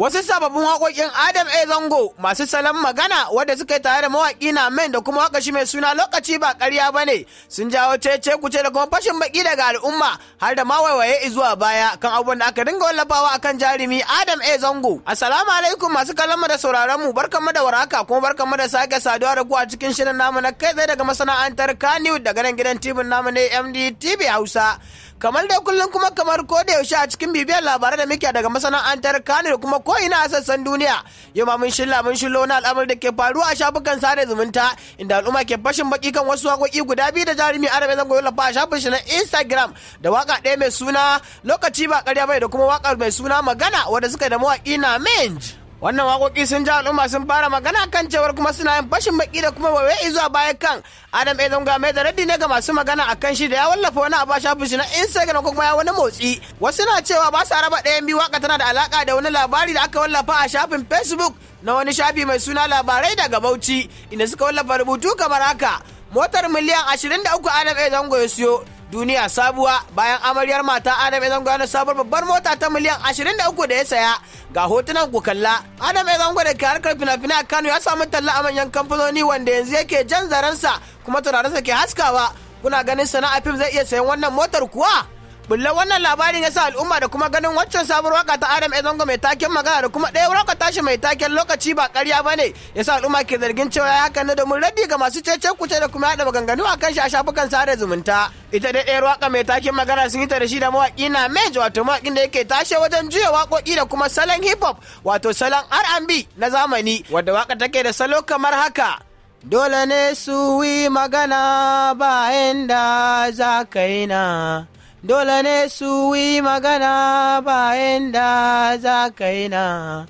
Wasu sababbin waƙoƙin Adam A. Zango masu salon magana wadda suka yi tare da mawaƙi na men da kuma wakashi mai suna lokaci ba ƙarya ba ne sun jawo cece kuce da kuma fashin baki daga al'umma har da ma waiwaye zuwa baya kan abubuwan da aka dinga wallafawa akan jarumi Adam A. Zango. Assalamu alaikum masu kallon mu da sauraron mu barkanmu da waraka kuma barkanmu da sake saduwa da ku a cikin shirin namu na kai tsaye daga masana'antar Kaniwood daga nan gidan tibin namu ne MDTV Hausa. kamar dai kullum kuma kamar ko da yaushe a cikin bibiyar labarai da muke daga masana'antar kano da kuma ko ina a sassan duniya yau ma mun shirya mun shirya na al'amar da ke faruwa a shafukan sada zumunta inda al'umma ke fashin baki kan wasu waƙoƙi guda biyu da jarumi arabe zan yola fa a shafin shi na instagram da waka ɗaya mai suna lokaci ba ƙarya bai da kuma waƙar mai suna magana wanda suka da mawaƙi na minj. wannan waƙoƙi sun ja al'umma sun fara magana kan cewar kuma suna yin bashin baki da kuma wawe a baya kan adam ezonga mai da raddi ne ga masu magana a kan shi da ya wallafa wani abu a shafin shi na instagram ko kuma ya wani motsi wasu na cewa ba su raba ɗayan biyu waka tana da alaka da wani labari da aka wallafa a shafin facebook na wani shafi mai suna labarai daga bauchi inda suka wallafa rubutu kamar haka motar miliyan 23 adam a zango ya siyo duniya sabuwa bayan amaryar mata adam zango na sabuwar babbar mota ta miliyan 23 da ya saya ga hotunan ku kalla adam zango da ke harkar fina fina a kano ya samu talla a manyan kamfanoni wanda yanzu yake jan zarensa kuma sa ke haskawa kuna ganin sana'a fim zai iya sayan wannan motar kuwa Bulla wannan labarin ya sa al'umma da kuma ganin waccan sabuwar waka ta Adam Ezongo mai taken magana da kuma ɗaya waka tashi mai taken lokaci ba ƙarya ba ne ya sa al'umma ke zargin cewa ya haka na domin rabi ga masu cece kuce da kuma yaɗa maganganu a kan shi a shafukan sada zumunta. Ita da ɗaya waka mai taken magana sun yi ta da shi da mawaƙi na Mej wato mawaƙin da yake tashe wajen juya waƙoƙi da kuma salon hip hop wato salon R&B na zamani wadda waka take da salo kamar haka. Dole ne su yi magana bayan da za ka yi na. dole ne su yi magana bayan da za ka yi na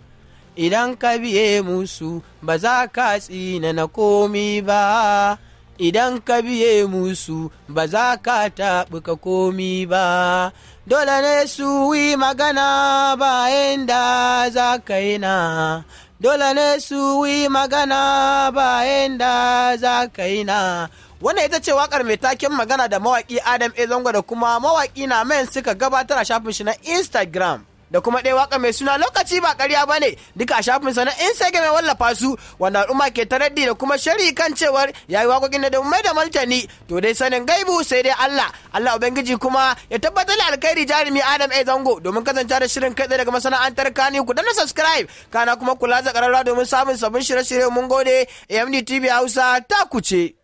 idan ka biye musu ba za ka tsina na komi ba idan ka biye musu ba za ka taɓi ka komi ba dole ne su yi magana bayan da za ka yi na dole ne su yi magana bayan da za ka yi na wannan ita ce wakar mai taken magana da mawaki adam a zango da kuma mawaki na mayan suka gabatar a shafin shi na instagram da kuma ɗaya waka mai suna lokaci ba ƙarya ba ne duka a shafin sa na instagram ya wallafa su wanda al'umma ke taraddi da kuma shari kan cewar ya yi waƙoƙin da mai da martani to dai sanin gaibu sai dai allah allah ubangiji kuma ya tabbatar da alkhairi jarumi adam a zango domin kasance da shirin kai daga masana'antar kani ku danna subscribe kana kuma kula da ƙararra domin samun sabbin shirye-shirye mun gode amd tv hausa ta kuce.